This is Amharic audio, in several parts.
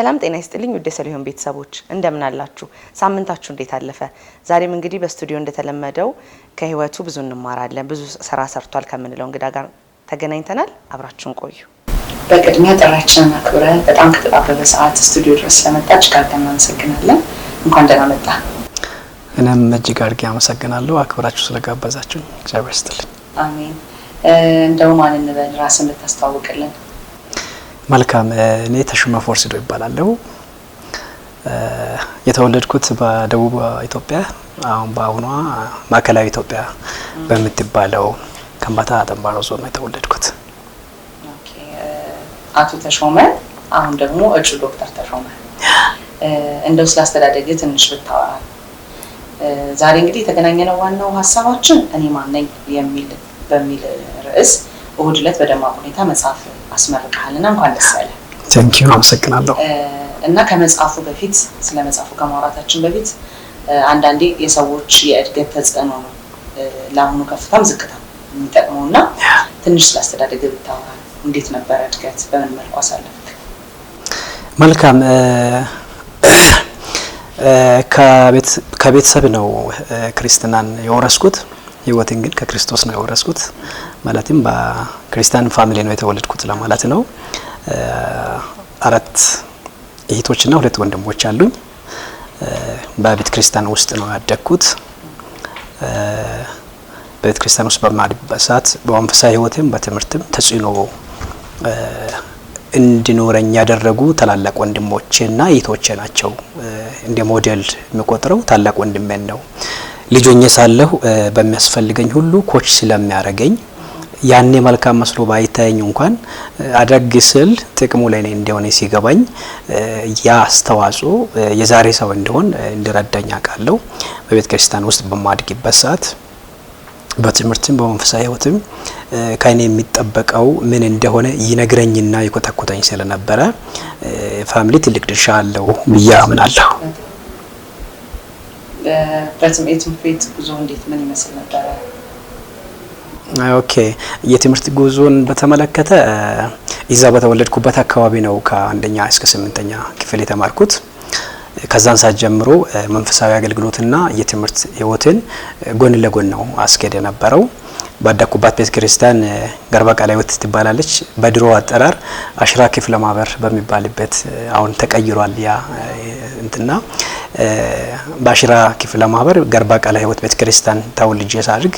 ሰላም ጤና ይስጥልኝ ውድ የሰሊሆን ቤተሰቦች እንደምን አላችሁ? ሳምንታችሁ እንዴት አለፈ? ዛሬም እንግዲህ በስቱዲዮ እንደተለመደው ከህይወቱ ብዙ እንማራለን። ብዙ ስራ ሰርቷል ከምንለው እንግዳ ጋር ተገናኝተናል። አብራችሁን ቆዩ። በቅድሚያ ጥራችንን አክብረ በጣም ከተጣበበ ሰዓት ስቱዲዮ ድረስ ለመጣች ጋር እናመሰግናለን። እንኳን ደህና መጣ። እኔም እጅግ አድርጌ አመሰግናለሁ አክብራችሁ ስለጋበዛችሁ እግዚአብሔር ይስጥልኝ። አሜን። እንደው ማን እንበል ራስን ብታስተዋውቅልን? መልካም እኔ ተሾመ ፎርሲዶ ይባላለሁ። የተወለድኩት በደቡብ ኢትዮጵያ አሁን በአሁኗ ማዕከላዊ ኢትዮጵያ በምትባለው ከምባታ አጠንባሮ ዞን ነው የተወለድኩት። አቶ ተሾመ አሁን ደግሞ እጩ ዶክተር ተሾመ እንደው ስላስተዳደግ ትንሽ ብታወራል። ዛሬ እንግዲህ የተገናኘነው ዋናው ሀሳባችን እኔ ማነኝ የሚል በሚል ርዕስ እሁድ ዕለት በደማቅ ሁኔታ መጽሐፍ አስመርቀሃል እና እንኳን ደስ ያለ። ቴንኪዩ አመሰግናለሁ። እና ከመጽሐፉ በፊት ስለ መጽሐፉ ከማውራታችን በፊት አንዳንዴ የሰዎች የእድገት ተጽዕኖ ነው ለአሁኑ ከፍታም ዝቅታ የሚጠቅመው እና ትንሽ ስላስተዳደግ ብታወራ እንዴት ነበረ እድገት? በምን መልኩ አሳለፍክ? መልካም ከቤተሰብ ነው ክርስትናን የወረስኩት። ህይወትን ግን ከክርስቶስ ነው የወረስኩት። ማለትም በክርስቲያን ፋሚሊ ነው የተወለድኩት ለማለት ነው። አራት እህቶችና ሁለት ወንድሞች አሉኝ። በቤተ ክርስቲያን ውስጥ ነው ያደግኩት። በቤተ ክርስቲያን ውስጥ በማድበት ሰዓት በመንፈሳዊ ህይወትም በትምህርትም ተጽዕኖ እንዲኖረኝ ያደረጉ ታላላቅ ወንድሞቼና እህቶቼ ናቸው። እንደ ሞዴል የሚቆጥረው ታላቅ ወንድሜን ነው። ልጆኜ ሳለሁ በሚያስፈልገኝ ሁሉ ኮች ስለሚያደርገኝ ያኔ መልካም መስሎ ባይታየኝ እንኳን አደግ ስል ጥቅሙ ላይ እንደሆነ ሲገባኝ ያ አስተዋጽኦ የዛሬ ሰው እንዲሆን እንዲረዳኝ አውቃለሁ። በቤተ ክርስቲያን ውስጥ በማድግበት ሰዓት በትምህርትም በመንፈሳዊ ሕይወትም ከእኔ የሚጠበቀው ምን እንደሆነ ይነግረኝና ይኮተኮተኝ ስለነበረ ፋሚሊ ትልቅ ድርሻ አለው ብዬ አምናለሁ። በትምህርት ቤት ጉዞ እንዴት ምን ይመስል ነበረ? ኦኬ የትምህርት ጉዞን በተመለከተ ይዛ በተወለድኩበት አካባቢ ነው ከአንደኛ እስከ ስምንተኛ ክፍል የተማርኩት። ከዛን ሰዓት ጀምሮ መንፈሳዊ አገልግሎትና የትምህርት ህይወትን ጎን ለጎን ነው አስኬድ የነበረው። ባደኩባት ቤተ ክርስቲያን ገርባ ቃላዊት ትባላለች። በድሮ አጠራር አሽራ ክፍለ ማህበር በሚባልበት አሁን ተቀይሯል። ያ እንትና በአሽራ ክፍለ ማህበር ገርባ ቃለ ህይወት ቤተ ክርስቲያን ተወልጄ ሳድግ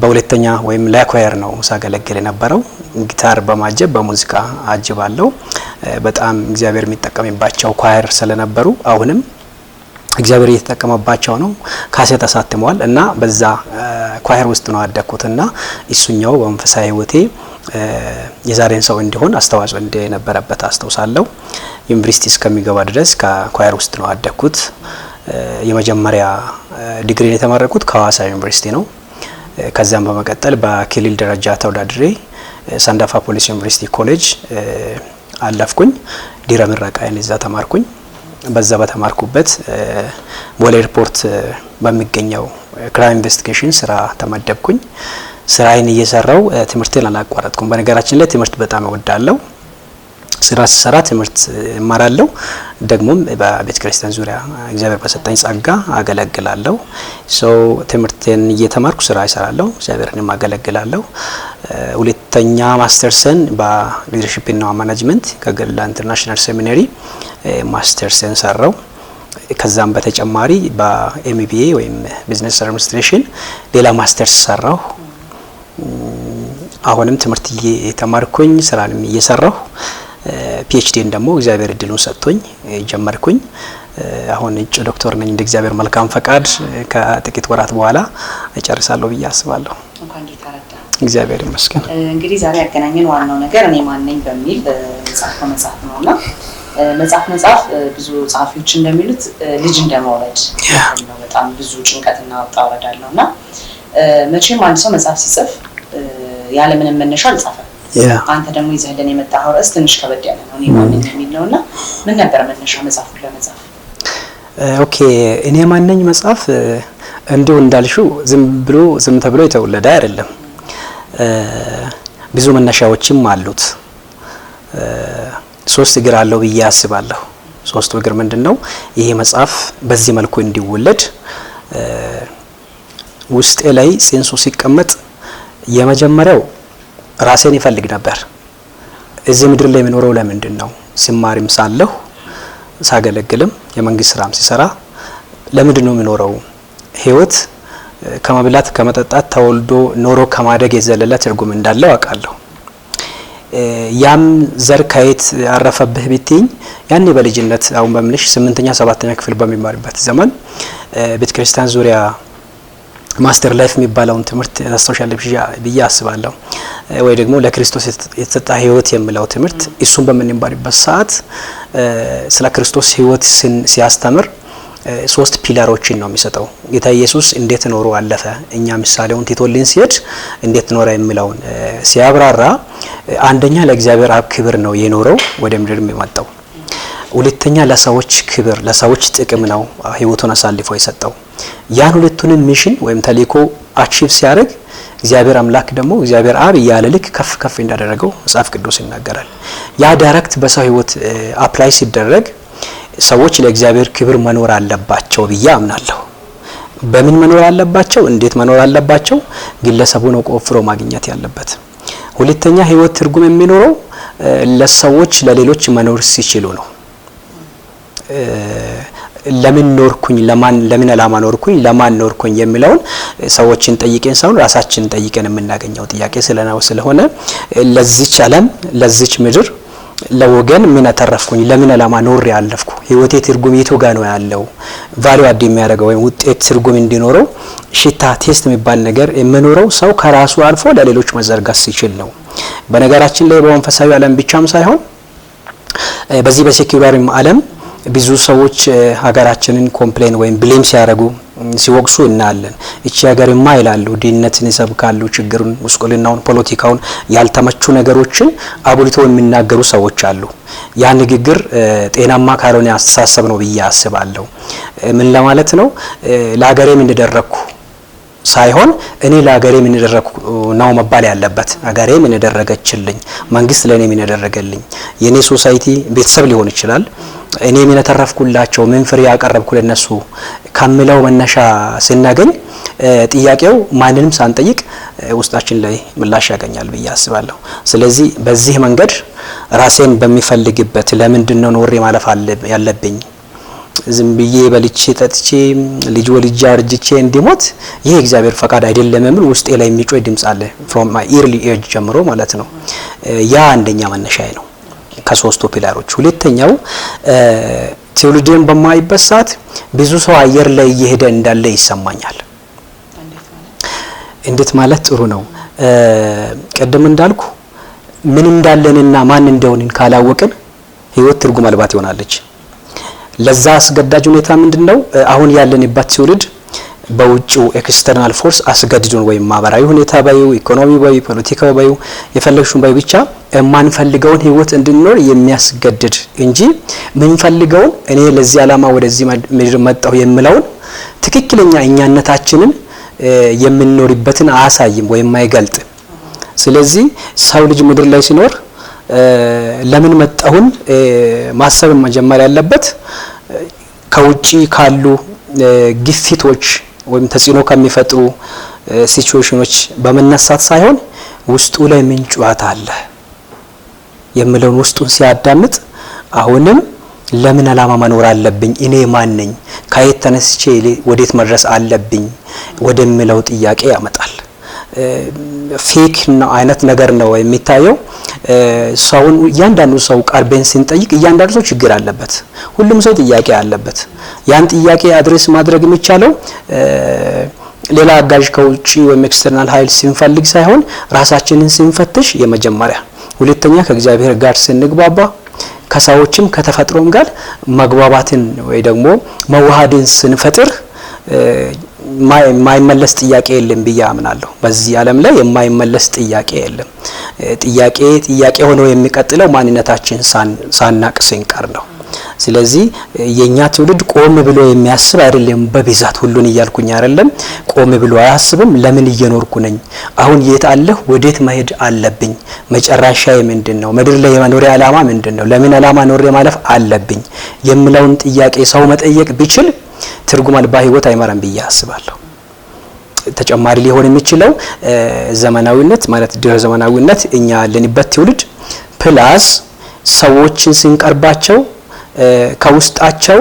በሁለተኛ ወይም ለኮየር ነው ሳገለግል የነበረው። ጊታር በማጀብ በሙዚቃ አጅባለው። በጣም እግዚአብሔር የሚጠቀምባቸው ኳየር ስለነበሩ አሁንም እግዚአብሔር እየተጠቀመባቸው ነው። ካሴት አሳትመዋል እና በዛ ኳየር ውስጥ ነው እና እሱኛው በመንፈሳዊ ህይወቴ የዛሬን ሰው እንዲሆን አስተዋጽኦ እንደነበረበት አስታውሳለሁ። ዩኒቨርሲቲ እስከሚገባ ድረስ ከኳየር ውስጥ ነው ያደግኩት። የመጀመሪያ ዲግሪን የተመረቁት ከሀዋሳ ዩኒቨርሲቲ ነው። ከዚያም በመቀጠል በክልል ደረጃ ተወዳድሬ ሳንዳፋ ፖሊስ ዩኒቨርሲቲ ኮሌጅ አለፍኩኝ። ድህረ ምረቃዬን እዛ ተማርኩኝ። በዛ በተማርኩበት ቦሌ ኤርፖርት በሚገኘው ክራይም ኢንቨስቲጌሽን ስራ ተመደብኩኝ። ስራዬን እየሰራው ትምህርቴን አላቋረጥኩም። በነገራችን ላይ ትምህርት በጣም እወዳለሁ። ስራ ስሰራ ትምህርት እማራለሁ። ደግሞም በቤተ ክርስቲያን ዙሪያ እግዚአብሔር በሰጠኝ ጸጋ አገለግላለሁ። ሰው ትምህርትን እየተማርኩ ስራ ይሰራለሁ፣ እግዚአብሔርንም አገለግላለሁ። ሁለተኛ ማስተርሰን በሊደርሽፕና ማናጅመንት ከገላ ኢንተርናሽናል ሴሚናሪ ማስተርሰን ሰራው። ከዛም በተጨማሪ በኤምቢኤ ወይም ቢዝነስ አድሚኒስትሬሽን ሌላ ማስተርስ ሰራሁ። አሁንም ትምህርት እየተማርኩኝ ስራንም እየሰራሁ ፒኤችዲን ደግሞ እግዚአብሔር እድሉን ሰጥቶኝ ጀመርኩኝ። አሁን እጩ ዶክተር ነኝ። እንደ እግዚአብሔር መልካም ፈቃድ ከጥቂት ወራት በኋላ እጨርሳለሁ ብዬ አስባለሁ። እግዚአብሔር ይመስገን። እንግዲህ ዛሬ ያገናኘን ዋናው ነገር እኔ ማነኝ ነኝ በሚል በጻፈው መጽሐፍ ነው እና መጽሐፍ መጽሐፍ ብዙ ጸሐፊዎች እንደሚሉት ልጅ እንደመውለድ ነው። በጣም ብዙ ጭንቀትና ወጣ ወረድ አለው እና መቼም አንድ ሰው መጽሐፍ ሲጽፍ ያለምንም መነሻ አልጻፈም አንተ ደግሞ ይዘህልን የመጣኸው ርዕስ ትንሽ ከበድ ያለ ነው። እኔ ማነኝ የሚል ነው እና ምን ነበር መነሻ መጽሐፉን ለመጻፍ? ኦኬ እኔ ማነኝ መጽሐፍ እንዲሁ እንዳልሹ ዝም ብሎ ዝም ተብሎ የተወለደ አይደለም። ብዙ መነሻዎችም አሉት። ሶስት እግር አለው ብዬ አስባለሁ። ሶስቱ እግር ምንድን ነው? ይሄ መጽሐፍ በዚህ መልኩ እንዲወለድ ውስጤ ላይ ሴንሱ ሲቀመጥ የመጀመሪያው ራሴን ይፈልግ ነበር። እዚህ ምድር ላይ የሚኖረው ለምንድን ነው? ስማሪም ሳለሁ ሳገለግልም የመንግስት ስራም ሲሰራ ለምንድን ነው የሚኖረው? ህይወት ከመብላት ከመጠጣት ተወልዶ ኖሮ ከማደግ የዘለለ ትርጉም እንዳለው አውቃለሁ። ያም ዘር ከየት ያረፈብህ ቢትኝ ያኔ በልጅነት አሁን በምንሽ ስምንተኛ ሰባተኛ ክፍል በሚማርበት ዘመን ቤተክርስቲያን ዙሪያ ማስተር ላይፍ የሚባለውን ትምህርት ረሳሻለሁ ብዬ አስባለሁ። ወይ ደግሞ ለክርስቶስ የተሰጠ ህይወት የሚለው ትምህርት እሱን በምንማርበት ሰዓት ስለ ክርስቶስ ህይወት ሲያስተምር ሶስት ፒላሮችን ነው የሚሰጠው። ጌታ ኢየሱስ እንዴት ኖሮ አለፈ፣ እኛ ምሳሌውን ቴቶልን ሲሄድ እንዴት ኖረ የሚለውን ሲያብራራ አንደኛ ለእግዚአብሔር አብ ክብር ነው የኖረው ወደ ምድር የመጣው። ሁለተኛ ለሰዎች ክብር፣ ለሰዎች ጥቅም ነው ህይወቱን አሳልፎ የሰጠው። ያን ሁለቱንም ሚሽን ወይም ተልእኮ አቺቭ ሲያደርግ እግዚአብሔር አምላክ ደግሞ እግዚአብሔር አብ እያለ ልክ ከፍ ከፍ እንዳደረገው መጽሐፍ ቅዱስ ይናገራል። ያ ዳይሬክት በሰው ህይወት አፕላይ ሲደረግ ሰዎች ለእግዚአብሔር ክብር መኖር አለባቸው ብዬ አምናለሁ። በምን መኖር አለባቸው? እንዴት መኖር አለባቸው? ግለሰቡ ነው ቆፍሮ ማግኘት ያለበት። ሁለተኛ ህይወት ትርጉም የሚኖረው ለሰዎች ለሌሎች መኖር ሲችሉ ነው። ለምን ኖርኩኝ፣ ለማን ለምን አላማ ኖርኩኝ፣ ለማን ኖርኩኝ የሚለውን ሰዎችን ጠይቀን ሳይሆን ራሳችን ጠይቀን የምናገኘው ጥያቄ ስለናው ስለሆነ ለዚች ዓለም ለዚች ምድር ለወገን ምን አተረፍኩኝ? ለምን አላማ ኖር ያለፍኩ? ህይወቴ ትርጉም የቱ ጋ ነው ያለው? ቫልዩ አድ የሚያደርገው ወይም ውጤት ትርጉም እንዲኖረው ሽታ ቴስት የሚባል ነገር የምኖረው ሰው ከራሱ አልፎ ለሌሎች መዘርጋት ሲችል ነው። በነገራችን ላይ በመንፈሳዊ ዓለም ብቻም ሳይሆን በዚህ በሴኩላሪም ዓለም ብዙ ሰዎች ሀገራችንን ኮምፕሌን ወይም ብሌም ሲያደርጉ ሲወቅሱ እናያለን። እቺ ሀገርማ ይላሉ፣ ድህነትን ይሰብካሉ፣ ችግሩን፣ ጉስቁልናውን፣ ፖለቲካውን፣ ያልተመቹ ነገሮችን አጉልተው የሚናገሩ ሰዎች አሉ። ያ ንግግር ጤናማ ካልሆነ አስተሳሰብ ነው ብዬ አስባለሁ። ምን ለማለት ነው? ለሀገሬ ምን ሳይሆን እኔ ለሀገሬ ምን ነው መባል ያለበት። ሀገሬ ምን መንግስት ለእኔ ምን ደረገልኝ፣ የእኔ ሶሳይቲ ቤተሰብ ሊሆን ይችላል ምን ተረፍኩላቸው፣ ምን ፍሬ ያቀረብኩ ለነሱ ከሚለው መነሻ ስናገኝ ጥያቄው ማንንም ሳንጠይቅ ውስጣችን ላይ ምላሽ ያገኛል ብዬ አስባለሁ። ስለዚህ በዚህ መንገድ ራሴን በሚፈልግበት ለምንድን ነው ኖሬ ማለፍ ያለብኝ? ዝም ብዬ በልቼ ጠጥቼ ልጅ ወልጄ አርጅቼ እንዲሞት ይህ እግዚአብሔር ፈቃድ አይደለም የሚል ውስጤ ላይ የሚጮህ ድምጽ አለ፣ ፍሮም ማይ ኢርሊ ኤጅ ጀምሮ ማለት ነው። ያ አንደኛ መነሻዬ ነው። ከሶስቱ ፒላሮች ሁለተኛው ትውልድን በማይበት ሰዓት ብዙ ሰው አየር ላይ እየሄደ እንዳለ ይሰማኛል። እንዴት ማለት ጥሩ ነው። ቅድም እንዳልኩ ምን እንዳለንና ማን እንደሆንን ካላወቅን ህይወት ትርጉም አልባት ይሆናለች። ለዛ አስገዳጅ ሁኔታ ምንድን ነው? አሁን ያለንበት ትውልድ በውጭው ኤክስተርናል ፎርስ አስገድዶን ወይም ማህበራዊ ሁኔታ ባዩ፣ ኢኮኖሚ ባዩ፣ ፖለቲካ ባዩ፣ የፈለግሽውን ባዩ ብቻ የማንፈልገውን ህይወት እንድንኖር የሚያስገድድ እንጂ ምንፈልገውን እኔ ለዚህ ዓላማ ወደዚህ ምድር መጣሁ የምለውን ትክክለኛ እኛነታችንን የምንኖርበትን አያሳይም ወይም አይገልጥ። ስለዚህ ሰው ልጅ ምድር ላይ ሲኖር ለምን መጣሁን ማሰብ መጀመር ያለበት ከውጭ ካሉ ግፊቶች ወይም ተጽዕኖ ከሚፈጥሩ ሲቹዌሽኖች በመነሳት ሳይሆን ውስጡ ላይ ምን ጨዋታ አለ የምለውን ውስጡን ሲያዳምጥ አሁንም ለምን አላማ መኖር አለብኝ፣ እኔ ማን ነኝ፣ ከየት ተነስቼ ወዴት መድረስ አለብኝ ወደሚለው ጥያቄ ያመጣል። ፌክ አይነት ነገር ነው የሚታየው። ሰውን እያንዳንዱ ሰው ቀርበን ስንጠይቅ እያንዳንዱ ሰው ችግር አለበት። ሁሉም ሰው ጥያቄ አለበት። ያን ጥያቄ አድሬስ ማድረግ የሚቻለው ሌላ አጋዥ ከውጭ ወይም ኤክስተርናል ኃይል ስንፈልግ ሳይሆን ራሳችንን ስንፈትሽ የመጀመሪያ፣ ሁለተኛ ከእግዚአብሔር ጋር ስንግባባ ከሰዎችም ከተፈጥሮም ጋር መግባባትን ወይ ደግሞ መዋሃድን ስንፈጥር የማይመለስ ጥያቄ የለም ብዬ አምናለሁ። በዚህ ዓለም ላይ የማይመለስ ጥያቄ የለም። ጥያቄ ጥያቄ ሆኖ የሚቀጥለው ማንነታችን ሳናቅ ስንቀር ነው። ስለዚህ የኛ ትውልድ ቆም ብሎ የሚያስብ አይደለም። በብዛት ሁሉን እያልኩኝ አይደለም። ቆም ብሎ አያስብም። ለምን እየኖርኩ ነኝ? አሁን የት አለሁ? ወዴት መሄድ አለብኝ? መጨረሻ ምንድን ነው? ምድር ላይ የመኖሪያ ዓላማ ምንድን ነው? ለምን ዓላማ ኖሬ ማለፍ አለብኝ የምለውን ጥያቄ ሰው መጠየቅ ቢችል ትርጉም አልባ ህይወት አይመራም ብዬ አስባለሁ። ተጨማሪ ሊሆን የሚችለው ዘመናዊነት ማለት ድህረ ዘመናዊነት እኛ ያለንበት ትውልድ ፕላስ ሰዎችን ስንቀርባቸው ከውስጣቸው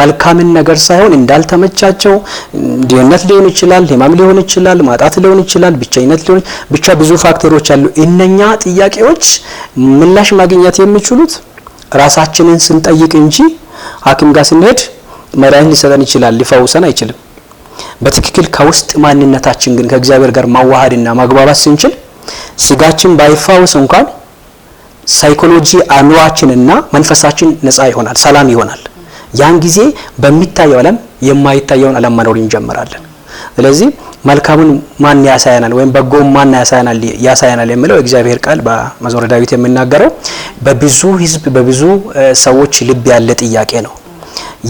መልካምን ነገር ሳይሆን እንዳልተመቻቸው ድህነት ሊሆን ይችላል፣ ህማም ሊሆን ይችላል፣ ማጣት ሊሆን ይችላል፣ ብቸኝነት ሊሆን ብቻ ብዙ ፋክተሮች አሉ። እነኛ ጥያቄዎች ምላሽ ማግኘት የሚችሉት ራሳችንን ስንጠይቅ እንጂ ሐኪም ጋር ስንሄድ መድኃኒት ሊሰጠን ይችላል፣ ሊፈውሰን አይችልም። በትክክል ከውስጥ ማንነታችን ግን ከእግዚአብሔር ጋር ማዋሃድና ማግባባት ስንችል ስጋችን ባይፋውስ እንኳን ሳይኮሎጂ አእምሯችንና መንፈሳችን ነፃ ይሆናል፣ ሰላም ይሆናል። ያን ጊዜ በሚታየው ዓለም የማይታየውን ዓለም መኖር እንጀምራለን። ስለዚህ መልካሙን ማን ያሳያናል ወይም በጎም ማን ያሳያናል ያሳያናል የሚለው እግዚአብሔር ቃል በመዝሙረ ዳዊት የሚናገረው በብዙ ሕዝብ በብዙ ሰዎች ልብ ያለ ጥያቄ ነው።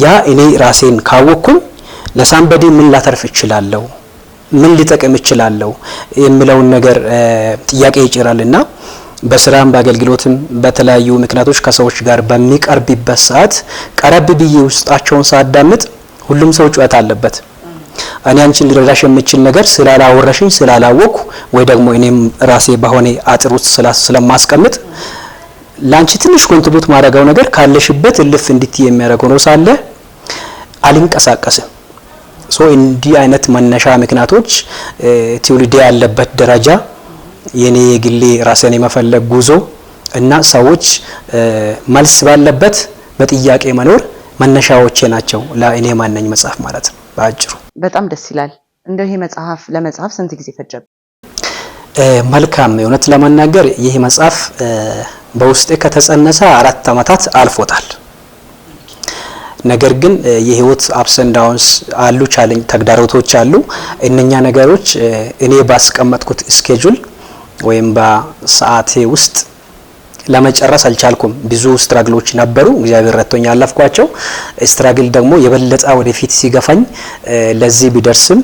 ያ እኔ ራሴን ካወቅኩኝ ለሳንበዴ ምን ላተርፍ እችላለሁ፣ ምን ሊጠቅም እችላለሁ የሚለውን ነገር ጥያቄ ይጭራልና በስራም በአገልግሎትም በተለያዩ ምክንያቶች ከሰዎች ጋር በሚቀርብበት ሰዓት ቀረብ ብዬ ውስጣቸውን ሳዳምጥ ሁሉም ሰው ጩኸት አለበት። እኔ አንቺን ሊረዳሽ የምችል ነገር ስላላወረሽኝ ስላላወቅኩ ወይ ደግሞ እኔም ራሴ በሆነ አጥር ውስጥ ስለማስቀምጥ ላንቺ ትንሽ ኮንትሪቢዩት ማድረገው ነገር ካለሽበት እልፍ እንድት የሚያደርገው ነው ሳለ አልንቀሳቀስም። ሶ እንዲህ አይነት መነሻ ምክንያቶች ትውልድ ያለበት ደረጃ የኔ የግሌ ራሴን የመፈለግ ጉዞ እና ሰዎች መልስ ባለበት በጥያቄ መኖር መነሻዎቼ ናቸው። ለእኔ ማነኝ መጽሐፍ ማለት ነው በአጭሩ። በጣም ደስ ይላል። እንደው ይሄ መጽሐፍ ለመጽሐፍ ስንት ጊዜ ፈጀብ? መልካም እውነት ለመናገር ይህ መጽሐፍ በውስጤ ከተጸነሰ አራት አመታት አልፎታል። ነገር ግን የህይወት አፕሰንዳውንስ አሉ፣ ቻሌንጅ ተግዳሮቶች አሉ። እነኛ ነገሮች እኔ ባስቀመጥኩት ስኬጁል ወይም በሰዓቴ ውስጥ ለመጨረስ አልቻልኩም። ብዙ ስትራግሎች ነበሩ። እግዚአብሔር ረቶኝ ያለፍኳቸው ስትራግል ደግሞ የበለጠ ወደፊት ሲገፋኝ ለዚህ ቢደርስም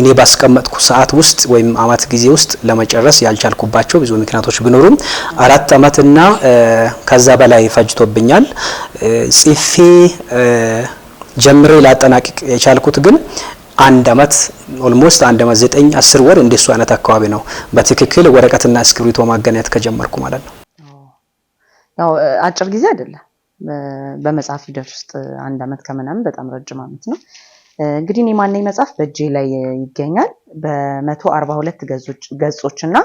እኔ ባስቀመጥኩ ሰዓት ውስጥ ወይም አመት ጊዜ ውስጥ ለመጨረስ ያልቻልኩባቸው ብዙ ምክንያቶች ቢኖሩም አራት አመትና ከዛ በላይ ፈጅቶብኛል ጽፌ ጀምሬ ላጠናቅቅ የቻልኩት ግን አንድ አመት ኦልሞስት አንድ አመት ዘጠኝ አስር ወር እንደሱ አይነት አካባቢ ነው። በትክክል ወረቀትና እስክሪቶ ማገናኘት ከጀመርኩ ማለት ነው። ያው አጭር ጊዜ አይደለም። በመጽሐፍ ሂደት ውስጥ አንድ አመት ከምናምን በጣም ረጅም አመት ነው። እንግዲህ እኔ ማነኝ መጽሐፍ በእጄ ላይ ይገኛል። በመቶ አርባ ሁለት ገጾች እና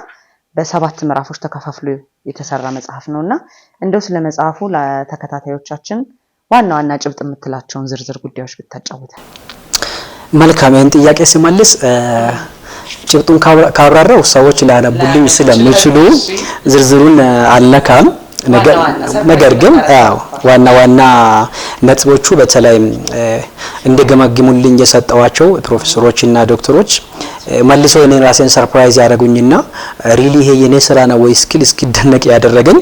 በሰባት ምዕራፎች ተከፋፍሎ የተሰራ መጽሐፍ ነው እና እንደው ስለ መጽሐፉ ለተከታታዮቻችን ዋና ዋና ጭብጥ የምትላቸውን ዝርዝር ጉዳዮች ብታጫውታል። መልካም። ይህን ጥያቄ ሲመልስ ጭብጡን ካብራራው ሰዎች ሊያነቡልኝ ስለሚችሉ ዝርዝሩን አልነካም። ነገር ግን ዋና ዋና ነጥቦቹ በተለይ እንደገመግሙልኝ የሰጠዋቸው ፕሮፌሰሮችና ዶክተሮች መልሰው እኔ ራሴን ሰርፕራይዝ ያደረጉኝና ሪሊ ይሄ የኔ ስራ ነው ወይ ስኪል እስኪደነቅ ያደረገኝ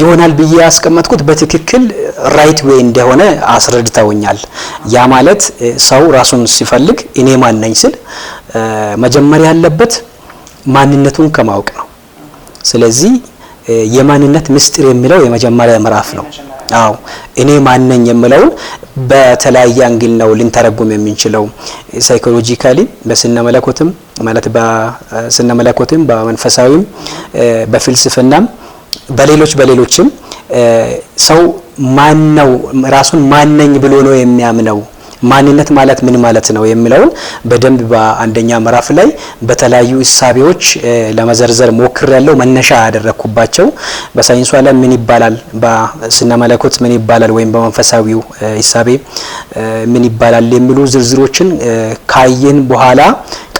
ይሆናል ብዬ ያስቀመጥኩት በትክክል ራይት ዌይ እንደሆነ አስረድተውኛል። ያ ማለት ሰው ራሱን ሲፈልግ እኔ ማን ነኝ ስል መጀመሪያ ያለበት ማንነቱን ከማወቅ ነው። ስለዚህ የማንነት ምስጢር የሚለው የመጀመሪያ ምዕራፍ ነው። አዎ እኔ ማነኝ የምለውን በተለያየ አንግል ነው ልንተረጉም የምንችለው። ሳይኮሎጂካሊ በስነ መለኮትም ማለት በስነ መለኮትም በመንፈሳዊም በፍልስፍናም በሌሎች በሌሎችም ሰው ማን ነው ራሱን ማነኝ ብሎ ነው የሚያምነው ማንነት ማለት ምን ማለት ነው የሚለውን በደንብ በአንደኛ ምዕራፍ ላይ በተለያዩ እሳቤዎች ለመዘርዘር ሞክር ያለው መነሻ ያደረግኩባቸው በሳይንሱ ዓለም ምን ይባላል፣ በስነ መለኮት ምን ይባላል፣ ወይም በመንፈሳዊው እሳቤ ምን ይባላል የሚሉ ዝርዝሮችን ካየን በኋላ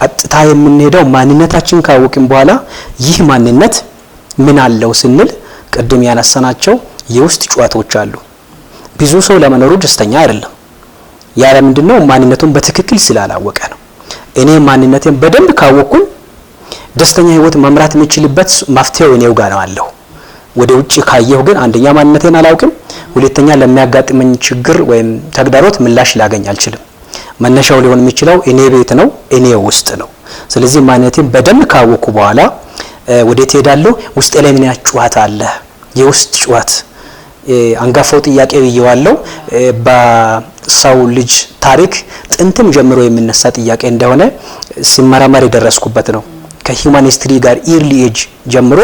ቀጥታ የምንሄደው ማንነታችን ካወቅን በኋላ ይህ ማንነት ምን አለው ስንል ቅድም ያነሳናቸው የውስጥ ጨዋታዎች አሉ። ብዙ ሰው ለመኖሩ ደስተኛ አይደለም። ያለ ምንድን ነው? ማንነቱን በትክክል ስላላወቀ ነው። እኔ ማንነቴን በደንብ ካወቅኩኝ ደስተኛ ህይወት መምራት የምችልበት መፍትሄው እኔው ጋር ነው አለሁ። ወደ ውጭ ካየሁ ግን አንደኛ ማንነቴን አላውቅም፣ ሁለተኛ ለሚያጋጥመኝ ችግር ወይም ተግዳሮት ምላሽ ላገኝ አልችልም። መነሻው ሊሆን የሚችለው እኔ ቤት ነው፣ እኔ ውስጥ ነው። ስለዚህ ማንነቴን በደንብ ካወቅኩ በኋላ ወደ ሄዳለሁ? ውስጥ ላይ ምን ጩኸት አለ? የውስጥ ጩኸት አንጋፋው ጥያቄ ብዬዋለሁ። ሰው ልጅ ታሪክ ጥንትም ጀምሮ የሚነሳ ጥያቄ እንደሆነ ሲመራመር የደረስኩበት ነው። ከሂውማን ሂስትሪ ጋር ኢርሊ ኤጅ ጀምሮ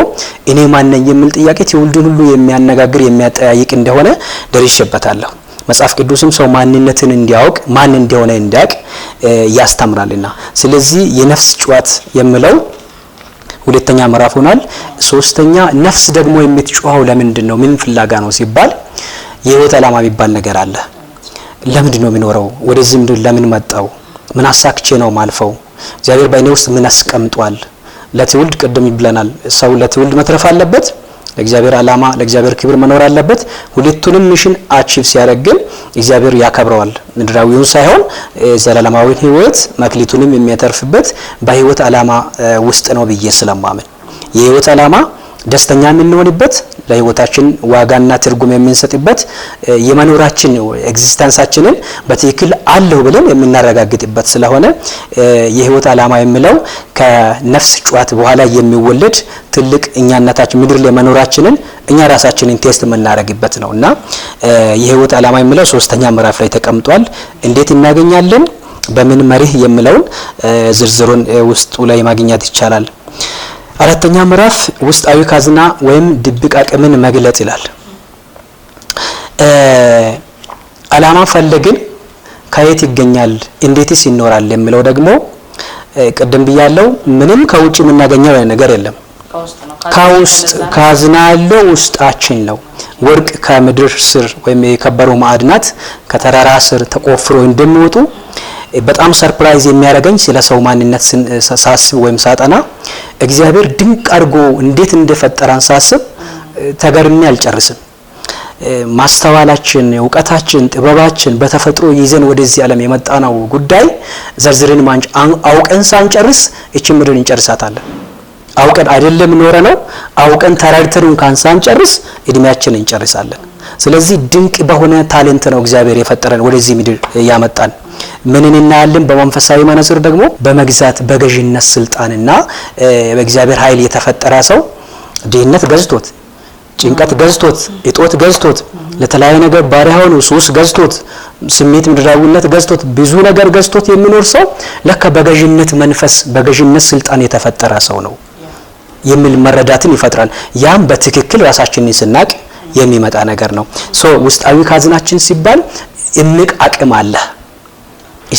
እኔ ማነኝ የሚል ጥያቄ ትውልድን ሁሉ የሚያነጋግር የሚያጠያይቅ እንደሆነ ደርሼበታለሁ። መጽሐፍ ቅዱስም ሰው ማንነትን እንዲያውቅ ማን እንደሆነ እንዲያውቅ ያስተምራልና ስለዚህ የነፍስ ጩኸት የምለው ሁለተኛ ምዕራፍ ሆናል። ሶስተኛ ነፍስ ደግሞ የምትጮኸው ለምንድን ነው? ምን ፍላጋ ነው ሲባል የህይወት ዓላማ የሚባል ነገር አለ። ለምንድን ነው የሚኖረው? ወደዚህ ምድር ለምን መጣው? ምን አሳክቼ ነው ማልፈው? እግዚአብሔር በእኔ ውስጥ ምን አስቀምጧል? ለትውልድ ቅድም ይብለናል። ሰው ለትውልድ መትረፍ አለበት። ለእግዚአብሔር ዓላማ፣ ለእግዚአብሔር ክብር መኖር አለበት። ሁለቱንም ሚሽን አቺቭ ሲያደርግ ግን እግዚአብሔር ያከብረዋል። ምድራዊውን ሳይሆን ዘላለማዊን ህይወት መክሊቱንም የሚያተርፍበት በህይወት ዓላማ ውስጥ ነው ብዬ ስለማምን የህይወት ዓላማ ደስተኛ የምንሆንበት ለህይወታችን ዋጋና ትርጉም የምንሰጥበት የመኖራችን ኤግዚስተንሳችንን በትክክል አለው ብለን የምናረጋግጥበት ስለሆነ የህይወት ዓላማ የሚለው ከነፍስ ጨዋት በኋላ የሚወለድ ትልቅ እኛነታችን ምድር ላይ መኖራችንን እኛ ራሳችንን ቴስት የምናደርግበት ነው እና የህይወት ዓላማ የሚለው ሶስተኛ ምዕራፍ ላይ ተቀምጧል። እንዴት እናገኛለን? በምን መሪህ የምለውን ዝርዝሩን ውስጡ ላይ ማግኘት ይቻላል። አራተኛ ምዕራፍ ውስጣዊ ካዝና ወይም ድብቅ አቅምን መግለጽ ይላል። አላማ ፈለግን ከየት ይገኛል፣ እንዴትስ ይኖራል የሚለው ደግሞ ቅድም ብያለው፣ ምንም ከውጭ የምናገኘው ነገር የለም ከውስጥ ካዝና ያለው ውስጣችን ነው። ወርቅ ከምድር ስር ወይም የከበሩ ማዕድናት ከተራራ ስር ተቆፍሮ እንደሚወጡ በጣም ሰርፕራይዝ የሚያደርገኝ ስለ ሰው ማንነት ሳስብ ወይም ሳጠና እግዚአብሔር ድንቅ አድርጎ እንዴት እንደፈጠረን ሳስብ ተገርሜ አልጨርስም። ማስተዋላችን፣ እውቀታችን፣ ጥበባችን በተፈጥሮ ይዘን ወደዚህ ዓለም የመጣነው ጉዳይ ዘርዝርን አውቀን ሳንጨርስ እቺ ምድርን እንጨርሳታለን። አውቀን አይደለም ኖረ ነው አውቀን ተረድተን እንኳን ሳንጨርስ እድሜያችን እንጨርሳለን። ስለዚህ ድንቅ በሆነ ታሌንት ነው እግዚአብሔር የፈጠረን ወደዚህ ምድር ያመጣን። ምንን እናያለን? በመንፈሳዊ መነጽር ደግሞ በመግዛት በገዥነት ስልጣንና በእግዚአብሔር ኃይል የተፈጠረ ሰው ድህነት ገዝቶት፣ ጭንቀት ገዝቶት፣ እጦት ገዝቶት፣ ለተለያዩ ነገር ባሪያ ሆኖ ሱስ ገዝቶት፣ ስሜት ምድራዊነት ገዝቶት፣ ብዙ ነገር ገዝቶት የሚኖር ሰው ለካ በገዥነት መንፈስ በገዥነት ስልጣን የተፈጠረ ሰው ነው የሚል መረዳትን ይፈጥራል። ያም በትክክል ራሳችንን ስናቅ የሚመጣ ነገር ነው። ሶ ውስጣዊ ካዝናችን ሲባል እምቅ አቅም አለ።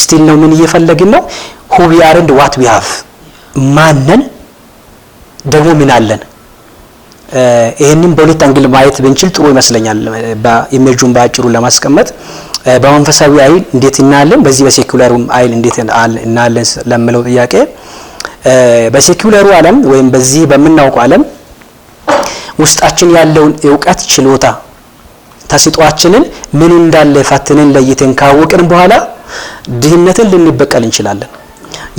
ስቲል ነው ምን እየፈለግን ነው? ሁ ዊ አር ኤንድ ዋት ዊ ሃቭ ማንን ደግሞ ምን አለን። ይህንን በሁለት አንግል ማየት ብንችል ጥሩ ይመስለኛል። ኢሜጁን በአጭሩ ለማስቀመጥ በመንፈሳዊ አይል እንዴት እናያለን፣ በዚህ በሴኩላሩ አይል እንዴት እናያለን ለምለው ጥያቄ በሴኩለሩ ዓለም ወይም በዚህ በምናውቀው ዓለም ውስጣችን ያለውን እውቀት ችሎታ ተስጧችንን ምን እንዳለ ፈትንን ለይትን ካወቅን በኋላ ድህነትን ልንበቀል እንችላለን።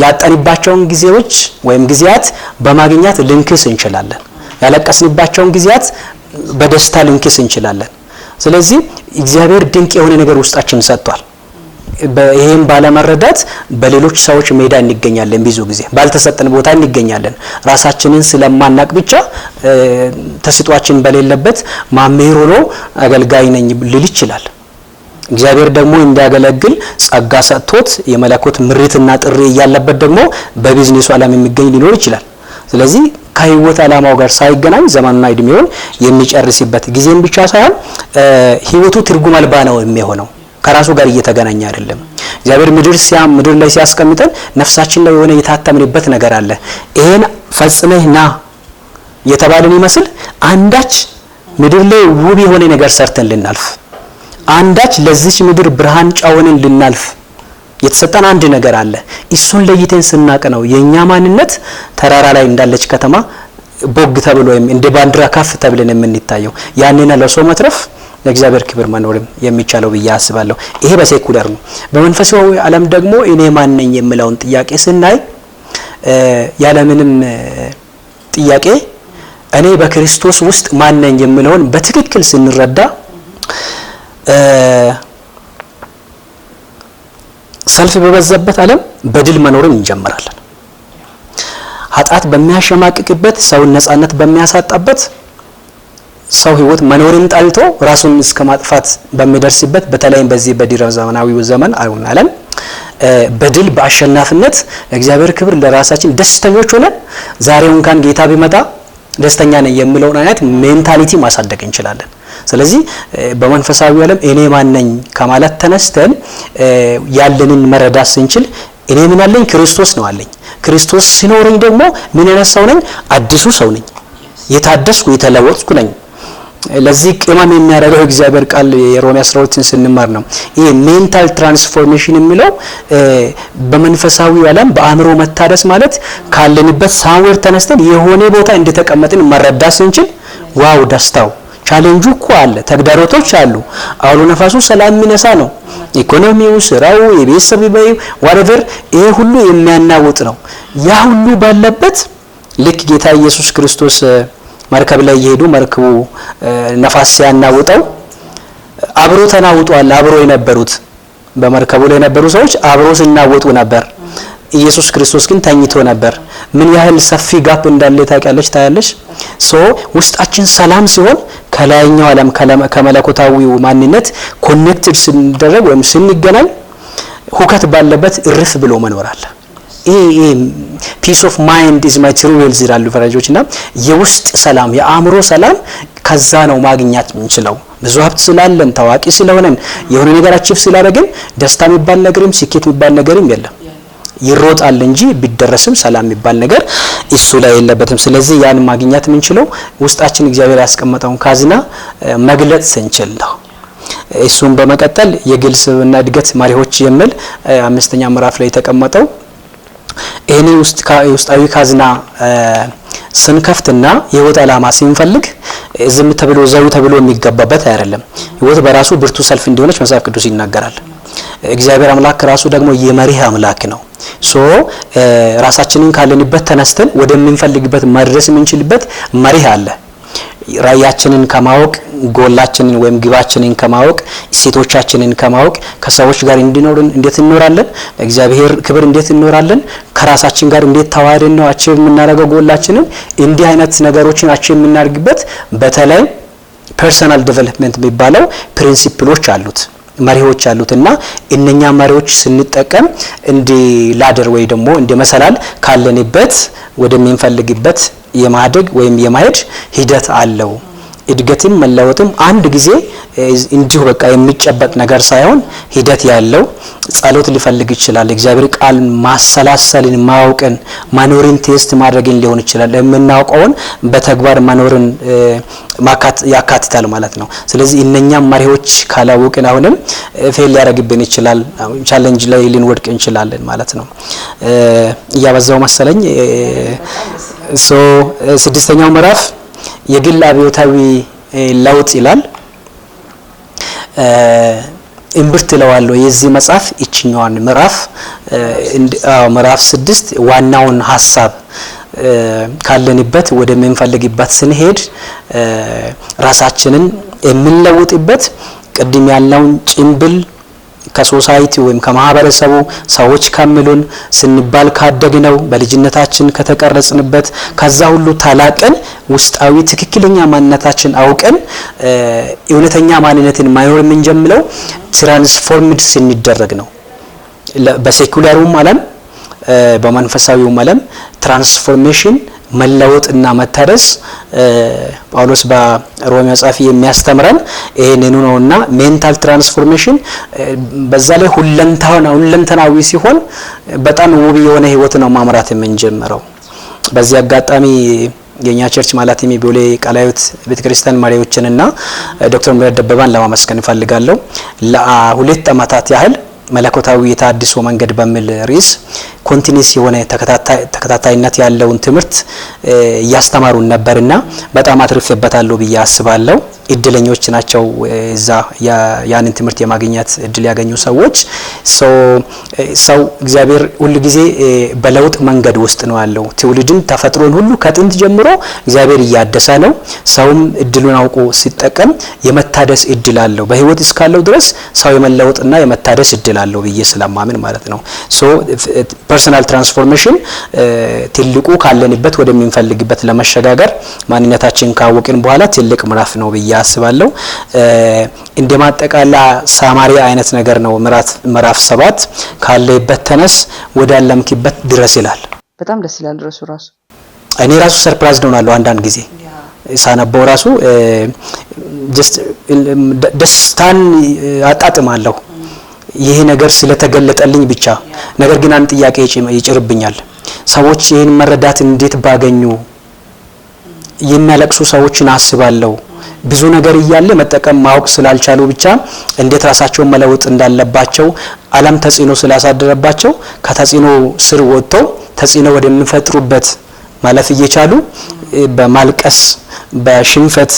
ያጠንባቸውን ጊዜዎች ወይም ጊዜያት በማግኛት ልንክስ እንችላለን። ያለቀስንባቸውን ጊዜያት በደስታ ልንክስ እንችላለን። ስለዚህ እግዚአብሔር ድንቅ የሆነ ነገር ውስጣችን ሰጥቷል። ይህም ባለመረዳት በሌሎች ሰዎች ሜዳ እንገኛለን። ብዙ ጊዜ ባልተሰጠን ቦታ እንገኛለን። ራሳችንን ስለማናቅ ብቻ ተስጧችን በሌለበት ማሜሮ ነው አገልጋይ ነኝ ልል ይችላል። እግዚአብሔር ደግሞ እንዲያገለግል ጸጋ ሰጥቶት የመለኮት ምሪትና ጥሪ እያለበት ደግሞ በቢዝነሱ ዓለም የሚገኝ ሊኖር ይችላል። ስለዚህ ከህይወት ዓላማው ጋር ሳይገናኝ ዘመንና እድሜውን የሚጨርስበት ጊዜም ብቻ ሳይሆን ህይወቱ ትርጉም አልባ ነው የሚሆነው። ከራሱ ጋር እየተገናኘ አይደለም። እግዚአብሔር ምድር ሲያም ምድር ላይ ሲያስቀምጠን ነፍሳችን ላይ የሆነ የታተምንበት ነገር አለ። ይሄን ፈጽመህ ና የተባለን ይመስል አንዳች ምድር ላይ ውብ የሆነ ነገር ሰርተን ልናልፍ አንዳች ለዚች ምድር ብርሃን ጫወንን ልናልፍ የተሰጠን አንድ ነገር አለ። እሱን ለይተን ስናቅ ነው የእኛ ማንነት ተራራ ላይ እንዳለች ከተማ ቦግ ተብሎ ወይም እንደ ባንዲራ ከፍ ተብለን የምንታየው ያንን ለሰው መትረፍ ለእግዚአብሔር ክብር መኖርም የሚቻለው ብዬ አስባለሁ። ይሄ በሴኩለር ነው። በመንፈሳዊ ዓለም ደግሞ እኔ ማን ነኝ የሚለውን ጥያቄ ስናይ ያለምንም ጥያቄ እኔ በክርስቶስ ውስጥ ማን ነኝ የሚለውን በትክክል ስንረዳ ሰልፍ በበዛበት ዓለም በድል መኖርን እንጀምራለን። ኃጢአት በሚያሸማቅቅበት ሰውን ነጻነት በሚያሳጣበት ሰው ህይወት መኖርን ጠልቶ ራሱን እስከ ማጥፋት በሚደርስበት በተለይም በዚህ በድህረ ዘመናዊው ዘመን አሁን በድል በአሸናፊነት እግዚአብሔር ክብር ለራሳችን ደስተኞች ሆነን ዛሬውን ካን ጌታ ቢመጣ ደስተኛ ነኝ የምለውን አይነት ሜንታሊቲ ማሳደግ እንችላለን። ስለዚህ በመንፈሳዊ ዓለም እኔ ማነኝ ከማለት ተነስተን ያለንን መረዳት ስንችል እኔ ምን አለኝ? ክርስቶስ ነው አለኝ። ክርስቶስ ሲኖረኝ ደግሞ ምን አይነት ሰው ነኝ? አዲሱ ሰው ነኝ። የታደስኩ የተለወጥኩ ነኝ። ለዚህ ቅመም የሚያደርገው እግዚአብሔር ቃል የሮሜ 12 ስንማር ነው። ይሄ ሜንታል ትራንስፎርሜሽን የሚለው በመንፈሳዊ ዓለም በአእምሮ መታደስ ማለት ካለንበት ሳንዌር ተነስተን የሆነ ቦታ እንደተቀመጥን መረዳት ስንችል ዋው ደስታው ቻሌንጁ እኮ አለ፣ ተግዳሮቶች አሉ። አውሎ ነፋሱ ሰላም የሚነሳ ነው። ኢኮኖሚው፣ ስራው፣ የቤተሰብ ይበይ ዋትኤቨር፣ ይሄ ሁሉ የሚያናውጥ ነው። ያ ሁሉ ባለበት ልክ ጌታ ኢየሱስ ክርስቶስ መርከብ ላይ እየሄዱ መርከቡ ነፋስ ሲያናውጠው አብሮ ተናውጧል። አብሮ የነበሩት በመርከቡ ላይ የነበሩ ሰዎች አብሮ ሲናወጡ ነበር። ኢየሱስ ክርስቶስ ግን ተኝቶ ነበር። ምን ያህል ሰፊ ጋፕ እንዳለ ታውቂያለሽ፣ ታያለሽ። ሶ ውስጣችን ሰላም ሲሆን ከላይኛው ዓለም ከመለኮታዊው ማንነት ኮኔክትድ ስንደረግ ወይም ስንገናኝ ሁከት ባለበት እርፍ ብሎ መኖር አለ። ፒስ ኦፍ ማይንድ ኢዝ ማይ ትሩ ዌልዝ ይላሉ ፈረንጆች። እና የውስጥ ሰላም የአእምሮ ሰላም ከዛ ነው ማግኘት የምንችለው። ብዙ ሀብት ስላለን ታዋቂ ስለሆነን የሆነ ነገር አቺፍ ስላደረግን ደስታ የሚባል ነገርም ስኬት የሚባል ነገርም የለም። ይሮጣል እንጂ ቢደረስም ሰላም የሚባል ነገር እሱ ላይ የለበትም። ስለዚህ ያን ማግኘት የምንችለው ውስጣችን እግዚአብሔር ያስቀመጠውን ካዝና መግለጽ ስንችል ነው። እሱን በመቀጠል የግል ስብዕና እድገት መሪዎች የሚል አምስተኛ ምዕራፍ ላይ የተቀመጠው ይህኔ ውስጣዊ ካዝና ስንከፍትና የህይወት ዓላማ ሲንፈልግ ዝም ተብሎ ዘው ተብሎ የሚገባበት አይደለም። ህይወት በራሱ ብርቱ ሰልፍ እንዲሆነች መጽሐፍ ቅዱስ ይናገራል። እግዚአብሔር አምላክ ራሱ ደግሞ የመሪህ አምላክ ነው። ሶ ራሳችንን ካለንበት ተነስተን ወደምንፈልግበት መድረስ የምንችልበት መሪህ አለ። ራያችንን ከማወቅ ጎላችንን ወይም ግባችንን ከማወቅ እሴቶቻችንን ከማወቅ ከሰዎች ጋር እንዲኖርን እንዴት እንኖራለን፣ ለእግዚአብሔር ክብር እንዴት እንኖራለን፣ ከራሳችን ጋር እንዴት ተዋህደን ነው አቺቭ የምናደርገው ጎላችንን፣ እንዲህ አይነት ነገሮችን አቺቭ የምናደርግበት በተለይ ፐርሰናል ዴቨሎፕመንት የሚባለው ፕሪንሲፕሎች አሉት መሪዎች አሉት እና እነኛ መሪዎች ስንጠቀም እንዲ ላደር ወይ ደግሞ እንዲ መሰላል ካለንበት ወደሚንፈልግበት የማደግ ወይም የማሄድ ሂደት አለው እድገትም መለወጥም አንድ ጊዜ እንዲሁ በቃ የሚጨበጥ ነገር ሳይሆን ሂደት ያለው ጸሎት ሊፈልግ ይችላል። እግዚአብሔር ቃል ማሰላሰልን፣ ማወቅን፣ መኖርን ቴስት ማድረግን ሊሆን ይችላል። የምናውቀውን በተግባር መኖርን ያካትታል ማለት ነው። ስለዚህ እነኛም መሪዎች ካላወቅን አሁንም ፌል ሊያደርግብን ይችላል። ቻሌንጅ ላይ ልንወድቅ እንችላለን ማለት ነው። እያበዛው መሰለኝ ሶ ስድስተኛው ምዕራፍ የግል አብዮታዊ ለውጥ ይላል። እምብርት እለዋለሁ የዚህ መጽሐፍ ይችኛዋን ምዕራፍ ምዕራፍ ስድስት ዋናውን ሀሳብ ካለንበት ወደምንፈልግበት ስንሄድ ራሳችንን የምንለውጥበት ቅድም ያለውን ጭንብል ከሶሳይቲ ወይም ከማህበረሰቡ ሰዎች ከሚሉን ስንባል ካደግነው በልጅነታችን ከተቀረጽንበት ከዛ ሁሉ ተላቀን ውስጣዊ ትክክለኛ ማንነታችን አውቀን እውነተኛ ማንነትን ማኖር የምንጀምለው ትራንስፎርምድ ስንደረግ ነው። በሴኩላሩም ዓለም በመንፈሳዊው ዓለም ትራንስፎርሜሽን መለወጥ እና መታደስ ጳውሎስ በሮሜ መጽሐፍ የሚያስተምረን ነው ነውና ሜንታል ትራንስፎርሜሽን በዛ ላይ ሁለንተናዊ ሲሆን በጣም ውብ የሆነ ህይወት ነው ማምራት የምንጀምረው። በዚህ አጋጣሚ የኛ ቸርች ማለት ቦሌ ቃላዊት ቤተክርስቲያን መሪዎችንና ዶክተር ምረት ደበባን ለማመስገን እፈልጋለሁ። ለሁለት አመታት ያህል መለኮታዊ የተሃድሶ መንገድ በሚል ርዕስ ኮንቲኒስ የሆነ ተከታታይነት ያለውን ትምህርት እያስተማሩን ነበርና በጣም አትርፌበታለሁ ብዬ አስባለሁ። እድለኞች ናቸው እዛ ያንን ትምህርት የማግኘት እድል ያገኙ ሰዎች። ሰው እግዚአብሔር ሁሉ ጊዜ በለውጥ መንገድ ውስጥ ነው ያለው። ትውልድን ተፈጥሮን ሁሉ ከጥንት ጀምሮ እግዚአብሔር እያደሰ ነው። ሰውም እድሉን አውቆ ሲጠቀም የመታደስ እድል አለው። በህይወት እስካለው ድረስ ሰው የመለወጥና የመታደስ እድል አለው ብዬ ስለማምን ማለት ነው። ፐርሰናል ትራንስፎርሜሽን ትልቁ ካለንበት ወደምንፈልግበት ለመሸጋገር ማንነታችን ካወቅን በኋላ ትልቅ ምዕራፍ ነው ብዬ አስባለሁ። እንደ ማጠቃለያ ሳማሪ አይነት ነገር ነው ምዕራፍ ሰባት ካለበት ተነስ ወዳለምክበት ድረስ ይላል። በጣም ደስ ይላል ድረሱ ራሱ እኔ ራሱ ሰርፕራይዝ ደሆናለሁ አንዳንድ ጊዜ ሳነበው ራሱ ደስታን አጣጥማለሁ። ይሄ ነገር ስለተገለጠልኝ ብቻ። ነገር ግን አንድ ጥያቄ ይጭርብኛል። ሰዎች ይህን መረዳት እንዴት ባገኙ? የሚያለቅሱ ሰዎችን አስባለሁ። ብዙ ነገር እያለ መጠቀም ማወቅ ስላልቻሉ ብቻ እንዴት ራሳቸውን መለወጥ እንዳለባቸው ዓለም ተጽዕኖ ስላሳደረባቸው ከተጽዕኖ ስር ወጥተው ተጽዕኖ ወደሚፈጥሩበት ማለፍ እየቻሉ በማልቀስ በሽንፈት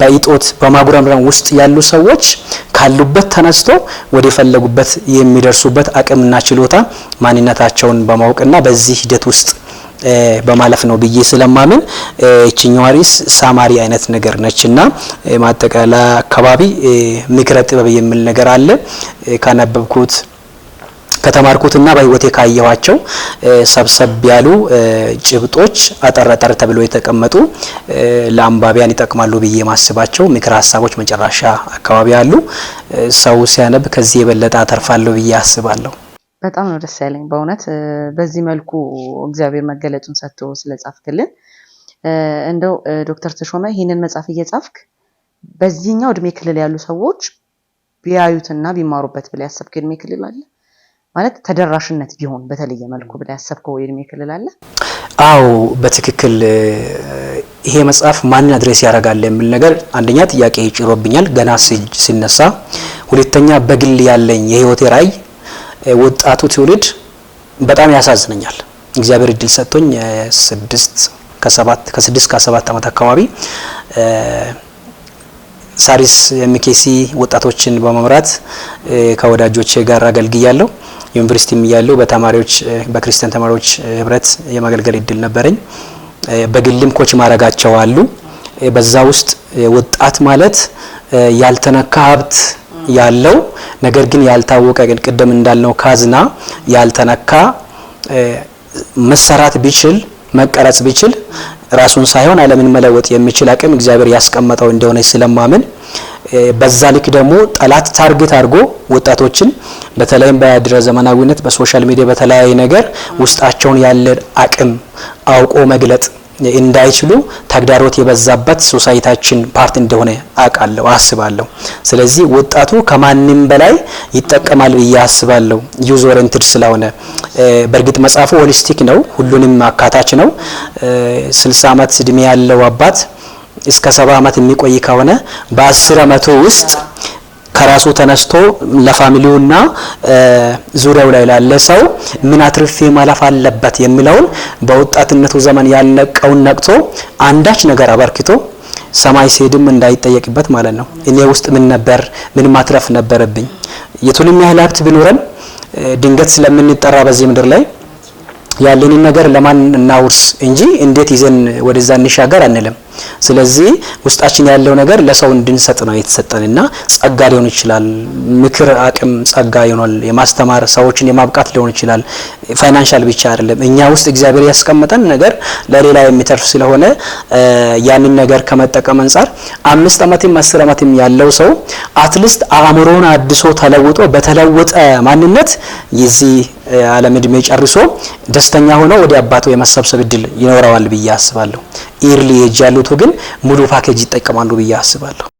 በኢጦት በማጉረምረም ውስጥ ያሉ ሰዎች ካሉበት ተነስቶ ወደ ፈለጉበት የሚደርሱበት አቅምና ችሎታ ማንነታቸውን በማወቅና በዚህ ሂደት ውስጥ በማለፍ ነው ብዬ ስለማምን እችኛዋ ርዕስ ሳማሪ አይነት ነገር ነች እና ማጠቃለያ አካባቢ ምክረ ጥበብ የሚል ነገር አለ ካነበብኩት ከተማርኩትና በህይወቴ ካየኋቸው ሰብሰብ ያሉ ጭብጦች አጠረጠር ተብለው የተቀመጡ ለአንባቢያን ይጠቅማሉ ብዬ ማስባቸው ምክር ሀሳቦች መጨረሻ አካባቢ አሉ። ሰው ሲያነብ ከዚህ የበለጠ አተርፋለሁ ብዬ አስባለሁ። በጣም ነው ደስ ያለኝ በእውነት በዚህ መልኩ እግዚአብሔር መገለጹን ሰጥቶ ስለጻፍክልን። እንደው ዶክተር ተሾመ ይህንን መጽሐፍ እየጻፍክ በዚህኛው እድሜ ክልል ያሉ ሰዎች ቢያዩትና ቢማሩበት ብላ ያሰብክ እድሜ ክልል አለ? ማለት ተደራሽነት ቢሆን በተለየ መልኩ ብለህ ያሰብከው የእድሜ ክልል አለ? አዎ በትክክል ይሄ መጽሐፍ ማንን አድሬስ ያደርጋል የሚል ነገር አንደኛ ጥያቄ ጭሮብኛል ገና ሲነሳ፣ ሁለተኛ በግል ያለኝ የህይወቴ ራዕይ ወጣቱ ትውልድ በጣም ያሳዝነኛል። እግዚአብሔር እድል ሰጥቶኝ ስድስት ከሰባት ከስድስት ከሰባት ዓመት አካባቢ ሳሪስ ኤምኬሲ ወጣቶችን በመምራት ከወዳጆች ጋር አገልግያለሁ። ዩኒቨርሲቲም እያለሁ በተማሪዎች በክርስቲያን ተማሪዎች ህብረት የማገልገል እድል ነበረኝ። በግልም ኮች ማረጋቸው አሉ። በዛ ውስጥ ወጣት ማለት ያልተነካ ሀብት ያለው ነገር ግን ያልታወቀ ቅድም እንዳልነው ካዝና ያልተነካ መሰራት ቢችል መቀረጽ ቢችል ራሱን ሳይሆን ዓለምን መለወጥ የሚችል አቅም እግዚአብሔር ያስቀመጠው እንደሆነ ስለማምን በዛ ልክ ደግሞ ጠላት ታርጌት አድርጎ ወጣቶችን በተለይም በድረ ዘመናዊነት በሶሻል ሚዲያ በተለያየ ነገር ውስጣቸውን ያለን አቅም አውቆ መግለጥ እንዳይችሉ ተግዳሮት የበዛበት ሶሳይታችን ፓርት እንደሆነ አውቃለሁ አስባለሁ። ስለዚህ ወጣቱ ከማንም በላይ ይጠቀማል ብዬ አስባለሁ። ዩዝ ኦሪንትድ ስለሆነ በእርግጥ መጽሐፉ ሆሊስቲክ ነው፣ ሁሉንም አካታች ነው። 60 ዓመት እድሜ ያለው አባት እስከ ሰባ ዓመት የሚቆይ ከሆነ በአስር አመቱ ውስጥ ከራሱ ተነስቶ ለፋሚሊውና ዙሪያው ላይ ላለ ሰው ምን አትርፌ ማለፍ አለበት የሚለውን በወጣትነቱ ዘመን ያልነቀውን ነቅቶ አንዳች ነገር አበርክቶ ሰማይ ሲሄድም እንዳይጠየቅበት ማለት ነው። እኔ ውስጥ ምን ነበር? ምን ማትረፍ ነበረብኝ? የቱንም ያህል ሀብት ቢኖረን ድንገት ስለምንጠራ በዚህ ምድር ላይ ያለንን ነገር ለማን እናውርስ እንጂ እንዴት ይዘን ወደዛ እንሻገር አንልም። ስለዚህ ውስጣችን ያለው ነገር ለሰው እንድንሰጥ ነው የተሰጠንና ጸጋ ሊሆን ይችላል፣ ምክር፣ አቅም ጸጋ ይሆናል፣ የማስተማር ሰዎችን የማብቃት ሊሆን ይችላል። ፋይናንሻል ብቻ አይደለም። እኛ ውስጥ እግዚአብሔር ያስቀመጠን ነገር ለሌላ የሚተርፍ ስለሆነ ያንን ነገር ከመጠቀም አንጻር አምስት አመትም አስር አመትም ያለው ሰው አትሊስት አእምሮን አድሶ ተለውጦ በተለወጠ ማንነት የዚህ ዓለም እድሜ ጨርሶ ደስተኛ ሆኖ ወደ አባቱ የመሰብሰብ እድል ይኖረዋል ብዬ አስባለሁ። ኢርሊ ኤጅ ያሉት ግን ሙሉ ፓኬጅ ይጠቀማሉ ብዬ አስባለሁ።